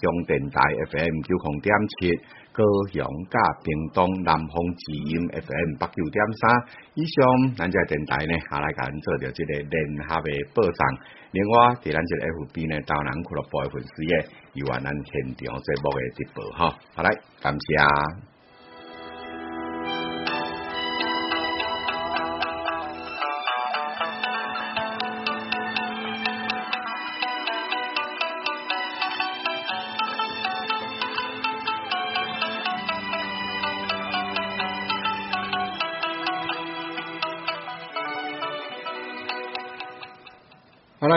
中電台 FM 九零點七、高雄甲屏東南風之音 FM 八九點三以上，咱只電台咧，來甲講做着即個聯合嘅報上。另外，佇咱即 FB 呢，投咱俱樂部嘅粉絲，又話咱現場節目嘅直播，哈。好來感謝。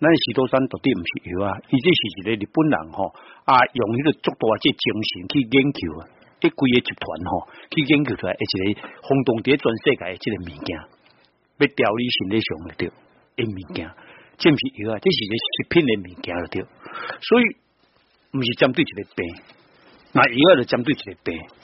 咱嘅石頭山到底唔是藥啊？伊即是一個日本人吼啊，用呢個足部啊，即係精神去研究啊，一規個集團吼去研究出嚟，而且轟動啲全世界嘅、嗯、一個物件，要調理身體上嘅掉，一個物件，即唔係藥啊，即係一個食品嘅物件咯，掉。所以唔是針對一個病，那藥就針對一個病。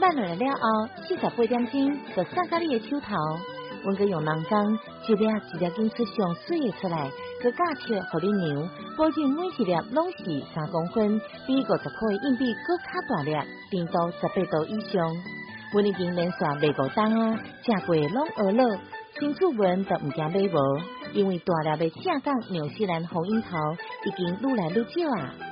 賣落來了後，四十八點鐘就送到你嘅手頭。阮閣用人工，一粒一粒揀選出來。閣加甜乎你牛，保證每一粒攏是三公分，比五十塊硬幣閣較大粒，甜度十八度以上。阮已經連續賣無擋啊，食過攏學了，的新出門都唔驚買無，因為大粒嘅正宗紐西蘭紅櫻桃已經越來越少啊。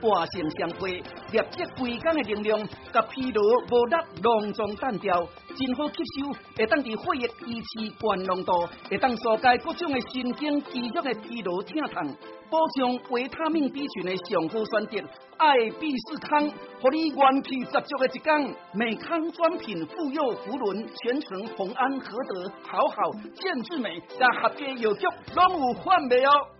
大性雙倍，立即規工的能量，甲疲勞無力隆重淡掉，真好吸收，會當佇血液維持高濃度，會當紓解各種嘅神經肌肉嘅疲勞疼痛，保充維他命 B 羣嘅上好選擇。愛必適康互你元氣十足嘅一工。美康專品婦幼芙倫，全程弘安合德、淘好，好、健之美，加河邊藥局攏有販賣哦。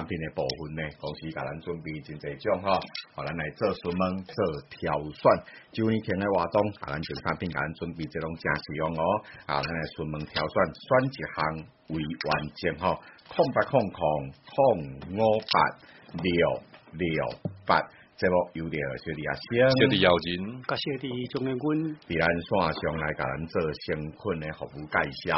產品嘅部分呢，公司甲咱準備真濟種哈，啊、哦，咱來做詢問、做挑選，就你聽嘅話中，啊，咱就產品甲咱準備這種真實用哦，啊，咱來詢問挑選，選一項為完整哈，空八空空空五八六六八，這個有點小點啊，小點要緊，小點重要款，比咱算上來甲咱做相關嘅服務介紹。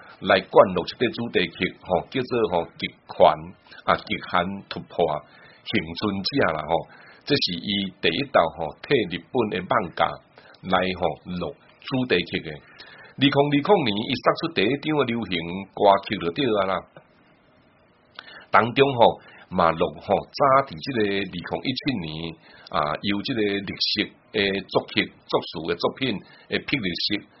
來灌錄即個主題曲，嗬，叫做嗬極寬啊，極限突破幸存者。之啦，嗬，即是伊第一道嗬替日本嘅綁架來嗬錄主題曲。嘅。二零二零年，伊殺出第一張嘅流行歌曲嚟到啦。當中嗬，馬龍嗬，早佇即係二零一七年啊，由即個綠色誒作曲作詞嘅作品誒，披露式。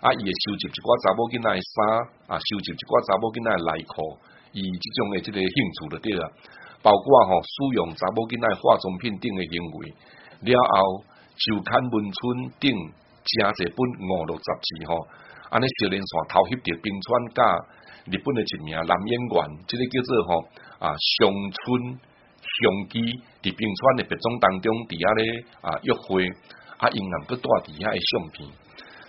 啊！伊會收集一寡查某囡仔嘅衫，啊，收集一寡查某囡仔嘅內褲，伊即種嘅即個興趣就對了啲啊，包括吼使、哦、用查某囡仔嘅化妝品等嘅行為，了後就看文春等誠濟本五六雜誌吼，安、哦、尼、啊、小林山偷翕着冰川加日本嘅一名男演員，即、這個叫做吼、哦、啊熊村熊基，佇冰川嘅白種當中佇遐咧啊約會啊，因人不斷佇遐嘅相片。啊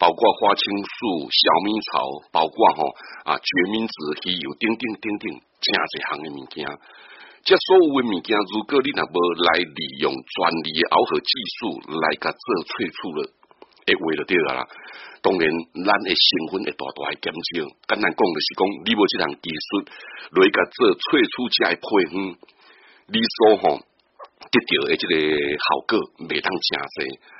包括花青素、小米草，包括吼、哦、啊決明子、西柚，等等等等，正儕項嘅物件。即所有嘅物件，如果你若無來利用專利嘅熬合技術來甲做萃取了，一話就對啦。當然，咱嘅成分會大大嘅減少。簡單講就是講，你無這項技術來甲做萃取，即個配方，你所吼得到嘅即個效果未通正儕。沒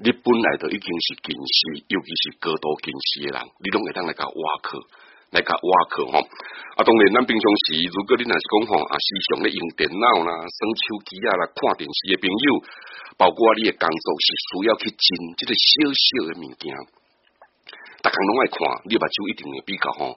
你本來著已經是近視，尤其是高度近視的人，你攏會通來個挖客，來個挖客吼。啊，當然咱平常時，如，你如果你若是講吼，啊，時常咧用電腦啦、耍手機啊、來看電視嘅朋友，包括你嘅工作是需要去見即個小小嘅物件，逐項攏愛看，你目睭一定會比較吼。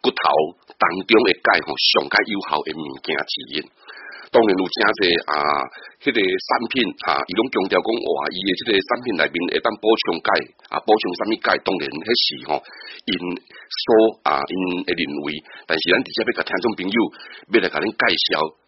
骨頭當中嘅鈣吼，上加有效嘅物件之一。當然有真濟啊，迄、那個產品啊，伊攏強調講哇，伊嘅即個產品內面會當補充鈣啊，補充啥物鈣，當然迄時吼，因說啊，因會認為。但是咱直接要甲聽眾朋友，要來甲恁介紹。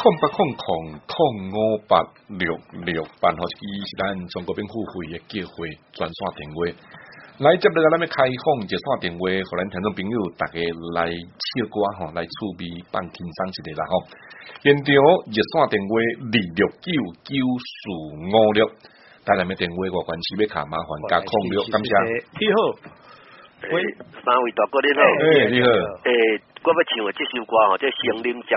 空八空空空五八六六八號、哦、是咱斯中國免付費嘅結會，專線電話。來接個咱們開放熱線電話，可咱聽眾朋友大家來唱歌哈，來儲備放輕鬆一下啦吼。現場熱線電話二六九九四五六，帶來咩電話？我關係要卡麻煩加空感謝你好、欸。你好，喂，三位大哥你好。誒，你好。誒、欸，我要唱嘅這首歌哦，叫《鄉鄰接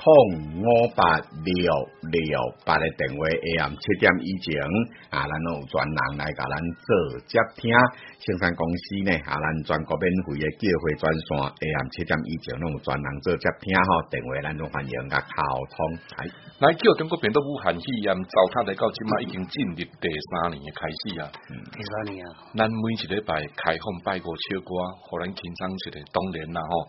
通五八六六，八個電話 AM 七點以前啊，咱攏有專人來甲咱做接聽。生產公司呢，啊，咱全國免費嘅叫貨專線 AM 七點以前，都有專人做接聽吼，電話咱攏歡迎來溝通。來叫中國病毒武漢肺炎糟蹋嚟到，今嘛已經進入第三年嘅開始啊。第、嗯嗯、三年啊，咱每一個禮拜開放拜五唱歌，互咱輕鬆出來當然啦吼。